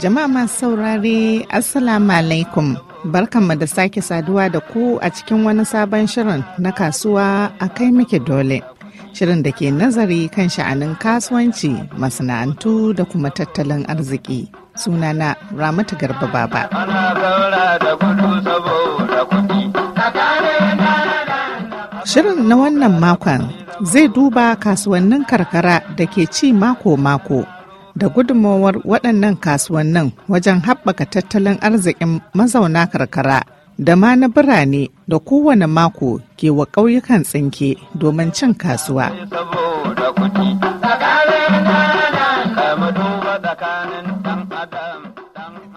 Jama'a masu saurare Assalamu alaikum barkanmu da sake saduwa da ku a cikin wani sabon shirin na kasuwa a kai muke dole. Shirin da ke nazari kan sha'anin kasuwanci, masana'antu da kuma tattalin arziki. Sunana Ramatu Garba Baba. Shirin na wannan makon zai duba kasuwannin karkara da ke ci mako-mako da gudunmawar waɗannan kasuwannin wajen haɓaka tattalin arzikin mazauna karkara da ma na birane da kowane mako ke wa ƙauyukan tsinke domin cin kasuwa.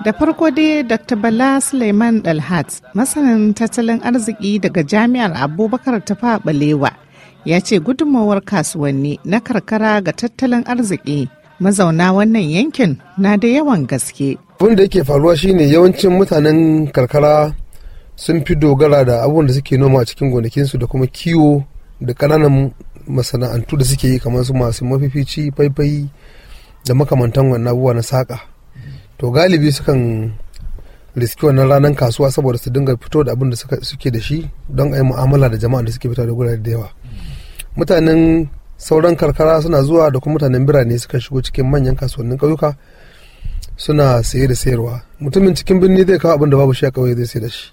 Da farko dai Dr. Bala Suleiman Dalhat, masanin tattalin arziki daga Jami'ar Abubakar ta Balewa. ya ce gudunmawar kasuwanni na karkara ga tattalin arziki mazauna wannan yankin na da yawan gaske. Abin da yake faruwa shine yawancin mutanen karkara sun fi dogara da abubuwan da suke noma a cikin gonakinsu da kuma kiwo da kananan masana'antu da suke yi kamar su masu mafifici faifai da makamantan wannan abubuwa na saka To galibi sukan riski wannan ranar kasuwa saboda su dinga fito da abin da suke da shi don a yi mu'amala da jama'a da suke fita da gurare da yawa. mutanen sauran karkara suna zuwa da kuma mutanen birane suka shigo cikin manyan kasuwannin ƙauyuka suna saye da sayarwa mutumin cikin birni zai kawo abin da babu shi a ƙauye zai sai da shi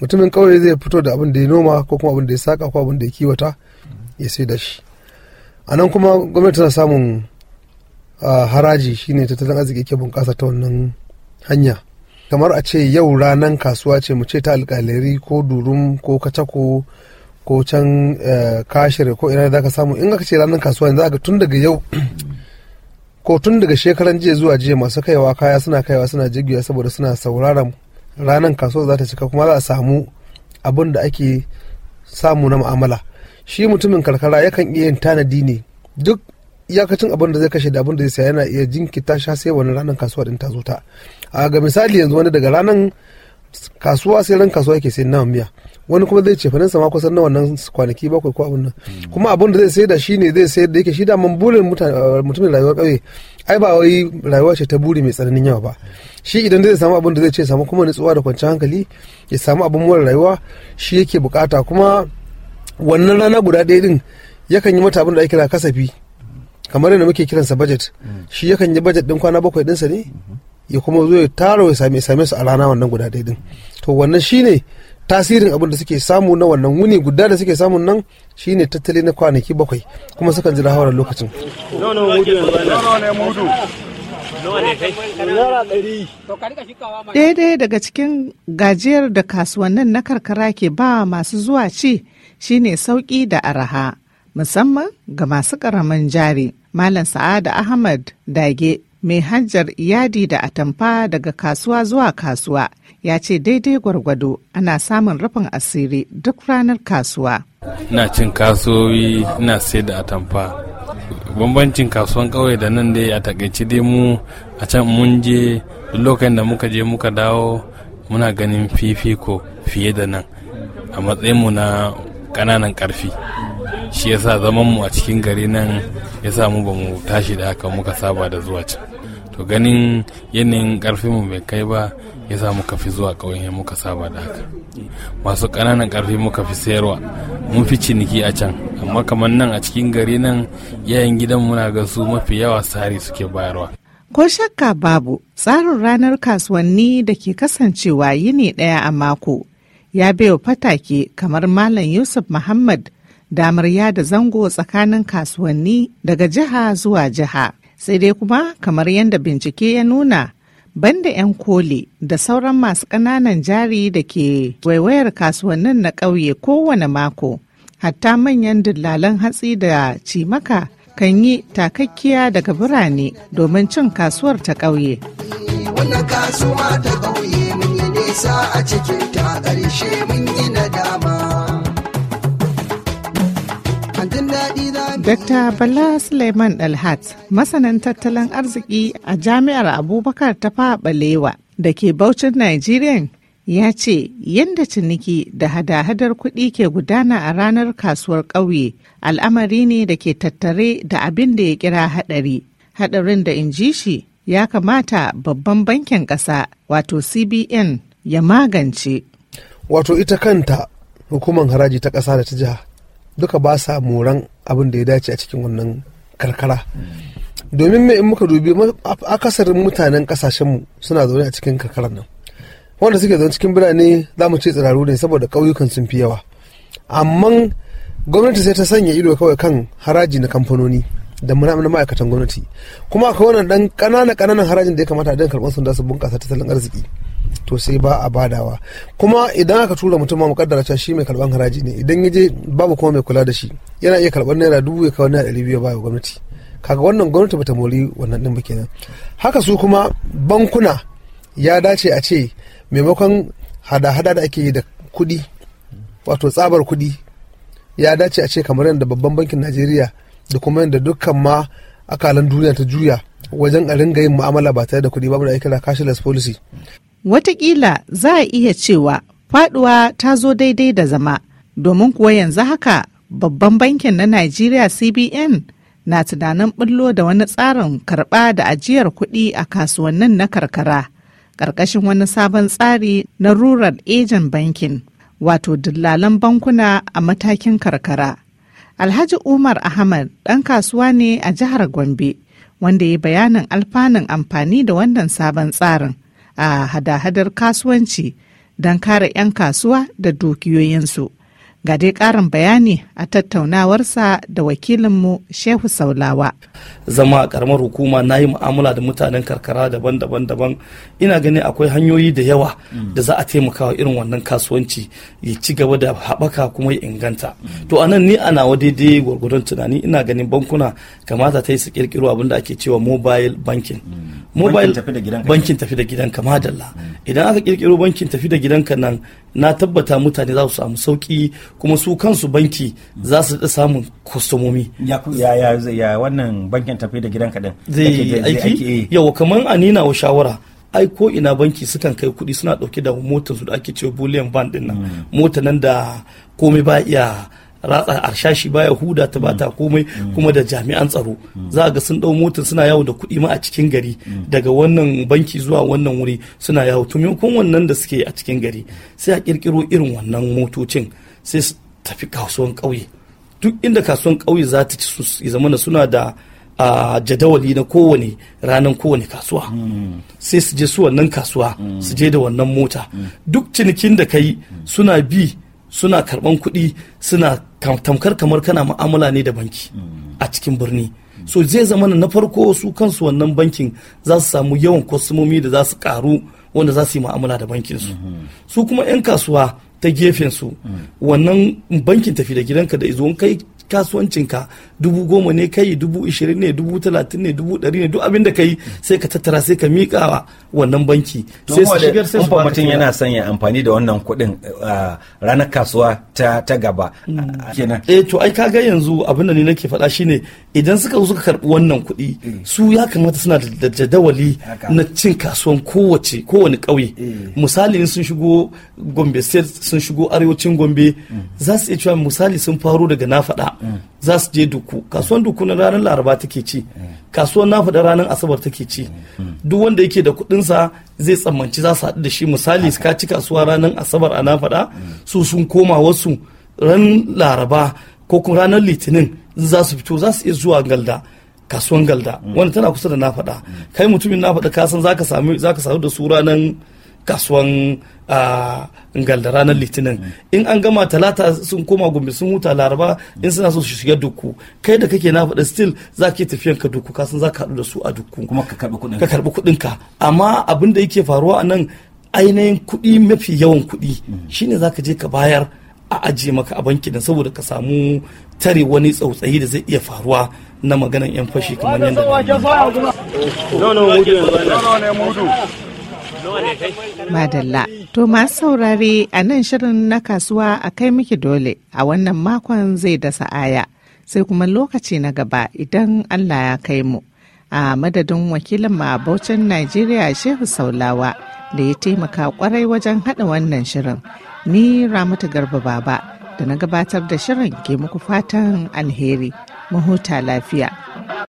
mutumin ƙauye zai fito da abin da ya noma ko kuma abin da ya saka ko abin da ya kiwata ya sai da shi a nan kuma gwamnati tana samun haraji shine tattalin arziki ke bunƙasa ta wannan hanya kamar a ce yau ranar kasuwa ce mu ce ta alƙalari ko durum ko kacako ko can eh, kashire ko ina za ka samu in aka ce ranar kasuwa ne za ka tun daga yau ko tun daga shekaran jiya zuwa jiya masu kaiwa kaya suna kaiwa suna jigiya saboda suna sauraron ranar kasuwa za ta cika kuma za a samu abin da ake samu na mu'amala shi mutumin karkara yakan iya yin tanadi ne duk iyakacin abin da zai kashe da abin da zai saya yana iya jinkita sha sai wani ranar kasuwa din ta zo ta a ga misali yanzu wani daga ranar kasuwa sai ran kasuwa yake sai naman miya wani kuma zai ce faransa ma kusan na wannan kwanaki bakwai ko abin nan kuma abin da zai sayar da shi ne zai sayar da yake shi da burin mutumin rayuwar kauye ai ba wai rayuwa ce ta buri mai tsananin yawa ba shi idan zai samu abin da zai ce samu kuma nutsuwa da kwanciyar hankali ya samu abin more rayuwa shi yake bukata kuma wannan rana guda ɗaya din yakan yi mata abin da ake kira kasafi kamar yadda muke kiransa budget shi yakan yi budget din kwana bakwai dinsa ne ya kuma zo ya tara ya same su a rana wannan guda ɗaya din to wannan shine tasirin abin da suke samu na wannan wuni guda da suke samun nan shine tattali na kwanaki bakwai kuma sukan ji rahawar lokacin daidai daga cikin gajiyar da kasuwannin na karkara ke ba masu zuwa ci shine sauƙi da araha musamman ga masu ƙaramin jari malam sa'ada ahmad dage mai hajjar iyadi da atamfa daga kasuwa zuwa kasuwa ya ce daidai gwargwado ana samun rufin asiri duk ranar kasuwa. Ina cin kasuwoyi ina sai da atamfa. Bambancin kasuwan ƙauye da nan dai a takaici dai mu a can mun je lokacin da muka je muka dawo muna ganin fifiko fiye da nan a matsayin mu na ƙananan ƙarfi. Shi yasa zaman mu a cikin gari nan ya mu ba mu tashi da haka muka saba da zuwa can. to ganin yanayin karfin mu bai kai ba ya sa muka fi zuwa ƙauyen muka saba da haka masu ƙananan ƙarfi muka fi sayarwa mun fi ciniki a can amma kamar nan a cikin gari nan yayin gidan muna ga su mafi yawa sari suke bayarwa ko shakka babu tsarin ranar kasuwanni da ke kasancewa yini ɗaya a mako ya baiwa fatake kamar malam yusuf muhammad damar yada zango tsakanin kasuwanni daga jiha zuwa jiha sai dai kuma kamar yadda bincike ya nuna banda 'yan koli da sauran masu ƙananan jari da ke waiwayar kasuwannin na ƙauye kowane mako hatta manyan dillalan hatsi da cimaka kan yi takakkiya daga birane domin cin kasuwar ta ƙauye. kasuwa ta a cikin ta ƙarshe mun yi nada. Dr. Bala Suleiman Dalhat, masanin tattalin arziki a Jami'ar Abubakar ta Balewa da ke Bauchin Nigeria ya ce yadda ciniki da hada-hadar kuɗi ke gudana a ranar kasuwar ƙauye al'amari ne da ke tattare da abin da ya kira haɗari. Haɗarin da in ji shi ya kamata babban bankin ƙasa wato CBN ya magance. Wato ita kanta hukumar haraji ta ƙasa da ta jiha duka ba sa moran abin da ya dace a cikin wannan karkara domin me in muka dubi akasarin mutanen kasashenmu suna zaune a cikin karkarar nan wanda suke zaune cikin birane za mu ce tsiraru ne saboda ƙauyukan sun fi yawa amma gwamnati sai ta sanya ido kawai kan haraji na kamfanoni da muna na ma'aikatan gwamnati kuma akwai wannan dan ƙanana ƙananan harajin da ya kamata a dan karɓar sun da su bunƙasa tattalin arziki sai ba a badawa kuma idan aka tura mutum ma mukaddara cewa shi mai karban haraji ne idan ya je babu kuma mai kula da shi yana iya karban naira dubu ya kawo naira biyu ba gwamnati kaga wannan gwamnati bata mori wannan ɗin ba kenan haka su kuma bankuna ya dace a ce maimakon hada-hada da ake yi da kuɗi wato tsabar kuɗi ya dace a ce kamar yadda babban bankin najeriya da kuma yadda dukkan ma akalan duniya ta juya wajen a ringa yin mu'amala ba tare da kudi babu mu da kira cashless policy Wataƙila za a iya cewa faɗuwa ta zo daidai da zama, domin kuwa yanzu haka babban bankin na Najeriya CBN na tunanin ɓullo da wani tsarin karɓa da ajiyar kuɗi a kasuwannin na karkara, ƙarƙashin wani sabon tsari na Rural Agent Banking, wato dillalan bankuna a matakin karkara. Alhaji Umar Ahmad ɗan kasuwa ne a jihar Gombe wanda ya bayanin alfanun amfani da wannan sabon tsarin a hada-hadar kasuwanci don kare 'yan kasuwa da dukiyoyinsu. ga dai karin bayani a tattaunawarsa da wakilinmu shehu saulawa zama a karamar hukuma na yi mu'amala da mutanen karkara daban-daban daban ina ganin akwai hanyoyi da yawa da za a taimakawa irin wannan kasuwanci ya ci gaba da haɓaka kuma ya inganta to anan ni ana wa daidai gwargwadon tunani ina ganin bankuna kamata ta yi su kirkiro abin da ake cewa mobile banking mobile bankin tafi da gidanka madalla idan aka kirkiro bankin tafi da gidanka nan na tabbata mutane za su samu sauki kuma su kansu banki za su da samun kwastomomi ya ya ya wannan bankin tafi da gidanka din zai aiki yau kamar a nina wa shawara ai ko ina banki sukan kai kuɗi suna ɗauke da motar su da ake cewa bullion bank din nan mm. mota nan da komai ba iya ratsa arshashi baya huda ta bata komai kuma da jami'an tsaro za ga sun dau motar suna yawo da kuɗi ma a cikin gari daga wannan banki zuwa wannan wuri suna yawo kun wannan da suke a cikin gari sai a kirkiro irin wannan motocin sai su tafi kasuwan ƙauye duk inda kasuwan ƙauye za ta ci zamana suna da a jadawali na kowane ranar kowane kasuwa sai su je su wannan kasuwa su je da wannan mota duk cinikin da ka yi suna bi suna karban kuɗi suna tamkar kamar kana mu'amala ne da banki a cikin birni so zai zama na farko su kansu wannan bankin za su samu yawan kwastomomi da za su karu wanda za su yi mu'amala da bankinsu su kuma 'yan kasuwa ta gefen su wannan bankin tafi da gidanka da izo kai kasuwancinka dubu goma ne kai dubu ishirin ne dubu talatin ne dubu ɗari ne duk abin da kai sai ka tattara sai ka miƙa wa wannan banki sai su shigar sai su ba mutum yana son ya amfani da wannan kuɗin ranar kasuwa ta ta gaba mm. kenan eh to ai kaga yanzu abin da ni nake faɗa shine idan suka suka karɓi wannan kuɗi eh. su ya kamata suna da jadawali na cin kasuwan kowace kowane ƙauye eh. misali in sun shigo Gombe state sun shigo arewacin Gombe mm. za su iya cewa misali sun faro daga na faɗa za su je duku kasuwan duku na ranar laraba take ci kasuwan na da ranar asabar take ci duk wanda yake da kuɗinsa zai tsammanci za su haɗu da shi misali ka ci kasuwa ranar asabar a na faɗa su sun koma wasu ran laraba ko kuma ranar litinin za su fito za su iya zuwa galda kasuwan galda wanda tana kusa da na kai mutumin na faɗa kasan za ka samu da su ranar kasuwan ngal da ranar litinin in an gama talata sun koma gombe sun huta laraba in suna so su shiga duku kai da kake na faɗa still za ka tafiyan ka duku kasan za ka haɗu da su a duku kuma ka karɓi kuɗin ka amma abin da yake faruwa a nan ainihin kuɗi mafi yawan kuɗi shine za ka je ka bayar a ajiye maka a banki da saboda ka samu tare wani tsautsayi da zai iya faruwa na maganan 'yan fashi kamar yadda Madalla. To masu saurare a nan shirin na kasuwa a kai miki dole a wannan makon zai dasa aya. Sai kuma lokaci na gaba idan Allah ya kai mu. A madadin wakilin Bauchin Najeriya Shehu Saulawa da ya taimaka kwarai wajen haɗa wannan shirin. Ni Ramatu Garba Baba da na gabatar da shirin ke muku fatan alheri. Mahuta lafiya.